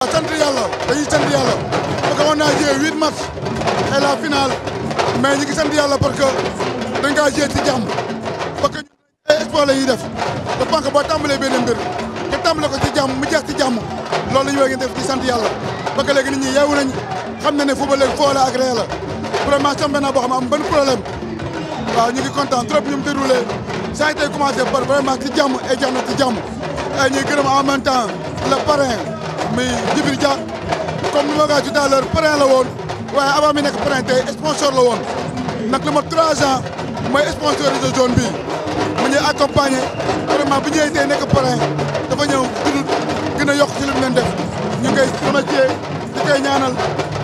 waaw sant yàlla dañuy sant yàlla parce que on a joué huit matchs et la finale mais ñu ngi sant yàlla parce que dañ kaa joué ci jàmm parce que ay espoir la ñuy def te pense que boo tàmbalee benn mbir nga tàmbale ko ci jam mu jeex ci jàmm loolu la ñu war a def ci sant yàlla parce que léegi nit ñi yeewu nañ xam na ne fu ba léegi foo la agréé la vraiment championnat boo xam am benn problème ñu ngi content trop ñu mu déroulé ça a été commencé par vraiment ci jàmm et jeex na ci jàmm et ñuy gërëm en même temps le muy Djibril Dia comme ni ma ko waxee la woon waaye avant mi nekk parrain tey sponsor la woon nag lu ma trois ans mooy sponsorisé zone bi mu ñuy accompagner vraiment bu ñëwee tey nekk parrain dafa ñëw dund gën a yokk ci li mu leen def ñu koy remercier di koy ñaanal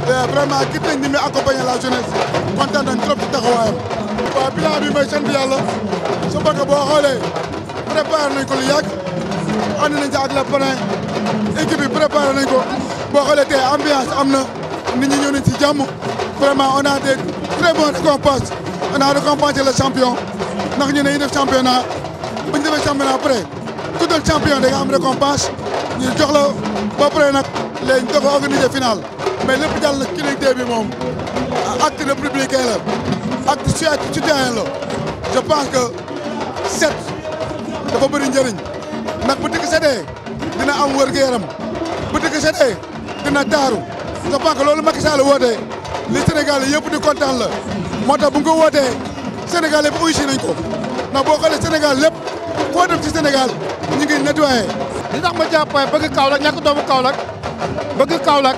euh, vraiment gis nañ ni muy accompagner la jeunesse kontaan nañ trop ci taxawaayam. waaw bilan bi mooy sant yàlla su bokk boo xoolee préparé nañ ko lu yàgg ànd nañ ci ak équipe bi préparé nañ ko boo xoolee ambiance am na nit ñi ñëw nañ ci jàmm vraiment on a des très bons récompenses on a récompensé le champion ndax ñu ne ñu def championnat bu ñu defee championnat après ku dul champion da nga am récompense ñu jox la ba pare nag léegi ñu doog a organiser final mais lépp jàll na kilifté bi moom acte républicain la acte citoyen la je pense que set dafa bëri njëriñ ndax bu dikk setee dina am wërgu yaram bu dëkk dé dina taaru je pense que loolu Macky Sall wootee li Sénégal yépp di kontaan la motax bu nga ko Sénégal yépp uyu nañ ko na boko lé Sénégal lépp ko dem ci Sénégal ñi ngi nettoyé. li tax ma jappay bëgg Kaolack ñak doomu Kaolack bëgg Kaolack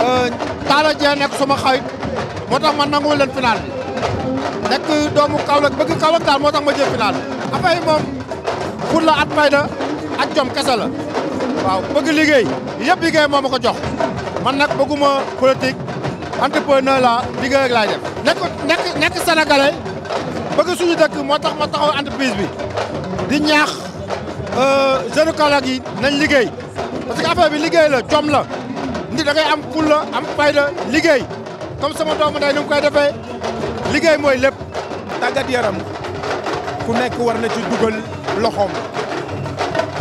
euh, Talla Dieng nekk suma xarit moo tax ma nangu leen final nek nekk doomu Kaolack bëgg Kaolack daal motax ma jé final bi. affaire yi pour la at fayda ak jom kese la waaw bëgg liggéey yëpp liggéey moo ma ko jox ma nag bëgguma ma entrepreneur la liggéey ak laay def. nekk nekk nekk sénégalais bëgg suñu dëkk moo tax ma taxaw entreprise bi di ñaax euh, jeunes collègues yi nañ liggéey parce bi liggéey la jom la nit da am fulla am fayda liggéey comme sama doomu ndey ni mu koy defee liggéey mooy lépp. tàggat yaram ku nekk war na ci dugal loxoom.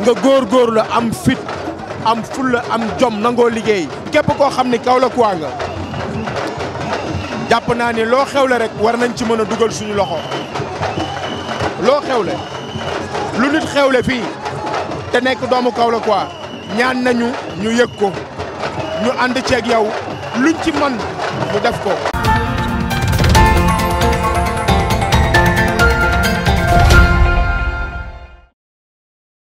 nga la am fit am fulla am jom nangoo liggéey képp koo xam ni Kaolack waa nga jàpp naa ni loo xewle rek war nañ ci mën a dugal suñu loxo loo xewle lu nit xewle fii te nekk doomu Kaolack waa ñaan nañu ñu yëg ko ñu ànd ceeg yow luñ ci man mu def ko